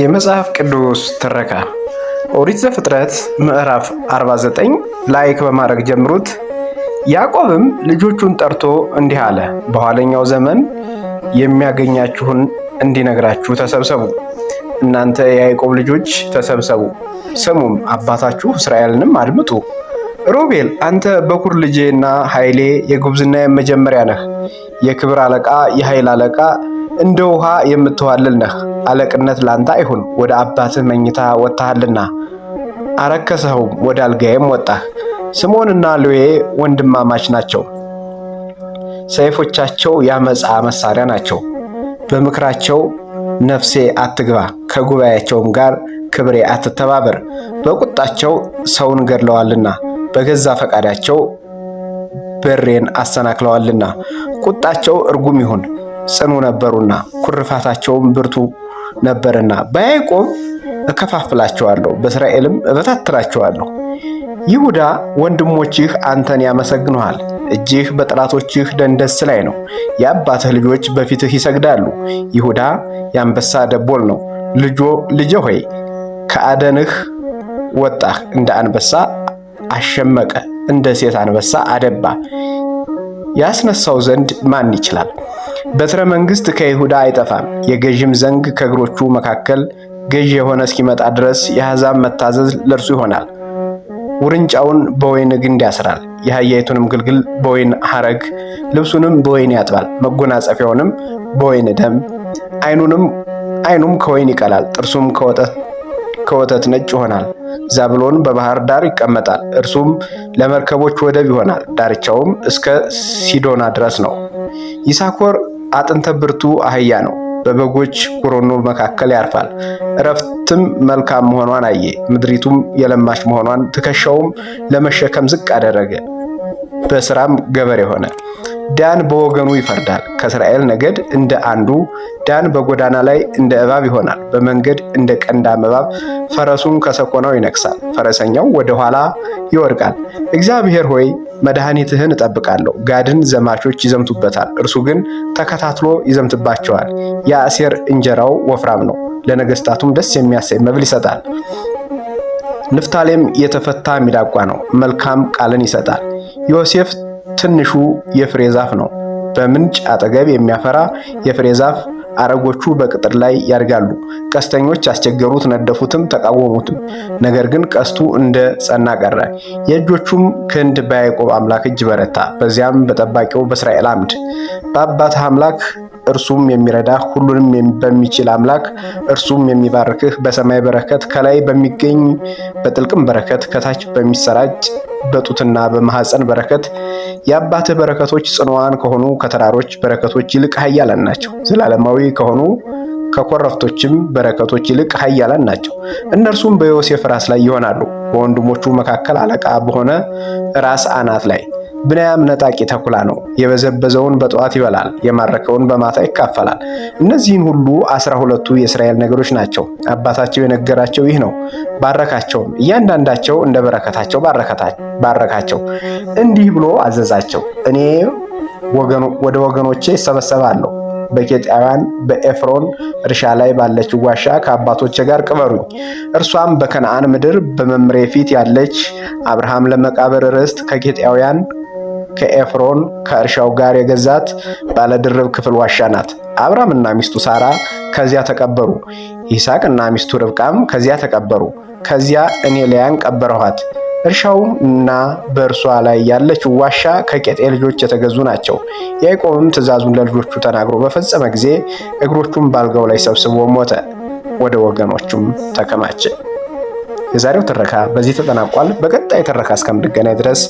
የመጽሐፍ ቅዱስ ትረካ ኦሪት ዘፍጥረት ምዕራፍ 49 ላይክ በማድረግ ጀምሩት። ያዕቆብም ልጆቹን ጠርቶ እንዲህ አለ፣ በኋለኛው ዘመን የሚያገኛችሁን እንዲነግራችሁ ተሰብሰቡ። እናንተ የያዕቆብ ልጆች ተሰብሰቡ፣ ስሙም፣ አባታችሁ እስራኤልንም አድምጡ። ሮቤል አንተ በኩር ልጄና ኃይሌ፣ የጉብዝና የመጀመሪያ ነህ፣ የክብር አለቃ፣ የኃይል አለቃ እንደ ውሃ የምትዋልል ነህ። አለቅነት ላንተ አይሁን፣ ወደ አባትህ መኝታ ወጥተሃልና አረከሰኸውም፣ ወደ አልጋዬም ወጣህ። ስምዖንና ሌዊ ወንድማማች ናቸው። ሰይፎቻቸው ያመፃ መሳሪያ ናቸው። በምክራቸው ነፍሴ አትግባ፣ ከጉባኤያቸውም ጋር ክብሬ አትተባበር። በቁጣቸው ሰውን ገድለዋልና በገዛ ፈቃዳቸው በሬን አሰናክለዋልና ቁጣቸው እርጉም ይሁን። ጽኑ ነበሩና ኩርፋታቸውም ብርቱ ነበርና በያዕቆብ እከፋፍላቸዋለሁ፣ በእስራኤልም እበታትናቸዋለሁ። ይሁዳ ወንድሞችህ አንተን ያመሰግኑሃል። እጅህ በጠላቶችህ ደንደስ ላይ ነው። የአባትህ ልጆች በፊትህ ይሰግዳሉ። ይሁዳ የአንበሳ ደቦል ነው። ልጄ ሆይ ከአደንህ ወጣህ። እንደ አንበሳ አሸመቀ፣ እንደ ሴት አንበሳ አደባ። ያስነሳው ዘንድ ማን ይችላል? በትረ መንግሥት ከይሁዳ አይጠፋም። የገዥም ዘንግ ከእግሮቹ መካከል ገዥ የሆነ እስኪመጣ ድረስ የአሕዛብ መታዘዝ ለእርሱ ይሆናል። ውርንጫውን በወይን ግንድ ያስራል፣ የአህያይቱንም ግልግል በወይን ሐረግ፣ ልብሱንም በወይን ያጥባል፣ መጎናጸፊያውንም በወይን ደም፣ አይኑም ከወይን ይቀላል፣ ጥርሱም ከወተት ነጭ ይሆናል። ዛብሎን በባህር ዳር ይቀመጣል፣ እርሱም ለመርከቦች ወደብ ይሆናል፣ ዳርቻውም እስከ ሲዶና ድረስ ነው። ይሳኮር አጥንተ ብርቱ አህያ ነው። በበጎች ጉሮኖ መካከል ያርፋል። እረፍትም መልካም መሆኗን አየ። ምድሪቱም የለማች መሆኗን ትከሻውም ለመሸከም ዝቅ አደረገ። በስራም ገበሬ ሆነ። ዳን በወገኑ ይፈርዳል። ከእስራኤል ነገድ እንደ አንዱ ዳን በጎዳና ላይ እንደ እባብ ይሆናል። በመንገድ እንደ ቀንዳም እባብ ፈረሱን ከሰኮናው ይነክሳል። ፈረሰኛው ወደ ኋላ ይወድቃል። እግዚአብሔር ሆይ መድኃኒትህን እጠብቃለሁ። ጋድን ዘማቾች ይዘምቱበታል፣ እርሱ ግን ተከታትሎ ይዘምትባቸዋል። የአሴር እንጀራው ወፍራም ነው፣ ለነገስታቱም ደስ የሚያሰኝ መብል ይሰጣል። ንፍታሌም የተፈታ ሚዳቋ ነው፣ መልካም ቃልን ይሰጣል። ዮሴፍ ትንሹ የፍሬ ዛፍ ነው። በምንጭ አጠገብ የሚያፈራ የፍሬ ዛፍ አረጎቹ በቅጥር ላይ ያድጋሉ። ቀስተኞች አስቸገሩት፣ ነደፉትም፣ ተቃወሙትም። ነገር ግን ቀስቱ እንደ ጸና ቀረ። የእጆቹም ክንድ በያዕቆብ አምላክ እጅ በረታ፣ በዚያም በጠባቂው በእስራኤል አምድ በአባት አምላክ እርሱም የሚረዳህ ሁሉንም በሚችል አምላክ እርሱም የሚባርክህ በሰማይ በረከት ከላይ በሚገኝ በጥልቅም በረከት ከታች በሚሰራጭ በጡትና በማኅፀን በረከት የአባትህ በረከቶች ጽንዋን ከሆኑ ከተራሮች በረከቶች ይልቅ ኃያላን ናቸው። ዘላለማዊ ከሆኑ ከኮረብቶችም በረከቶች ይልቅ ኃያላን ናቸው። እነርሱም በዮሴፍ ራስ ላይ ይሆናሉ፣ በወንድሞቹ መካከል አለቃ በሆነ ራስ አናት ላይ ብንያም ነጣቂ ተኩላ ነው። የበዘበዘውን በጠዋት ይበላል፣ የማረከውን በማታ ይካፈላል። እነዚህን ሁሉ አስራ ሁለቱ የእስራኤል ነገዶች ናቸው። አባታቸው የነገራቸው ይህ ነው። ባረካቸውም፣ እያንዳንዳቸው እንደ በረከታቸው ባረካቸው። እንዲህ ብሎ አዘዛቸው፣ እኔ ወደ ወገኖቼ እሰበሰባለሁ በኬጣውያን በኤፍሮን እርሻ ላይ ባለችው ዋሻ ከአባቶቼ ጋር ቅበሩኝ። እርሷም በከነአን ምድር በመምሬ ፊት ያለች አብርሃም ለመቃብር ርስት ከኬጣውያን ከኤፍሮን ከእርሻው ጋር የገዛት ባለድርብ ክፍል ዋሻ ናት። እና ሚስቱ ሳራ ከዚያ ተቀበሩ። እና ሚስቱ ርብቃም ከዚያ ተቀበሩ። ከዚያ እኔ ሊያን ቀበረኋት። እርሻውና በእርሷ ላይ ያለችው ዋሻ ከቄጤ ልጆች የተገዙ ናቸው። ያዕቆብም ትእዛዙን ለልጆቹ ተናግሮ በፈጸመ ጊዜ እግሮቹን ባልጋው ላይ ሰብስቦ ሞተ፣ ወደ ወገኖቹም ተከማቸ። የዛሬው ትረካ በዚህ ተጠናቋል። በቀጣይ ትረካ እስከምንገናኝ ድረስ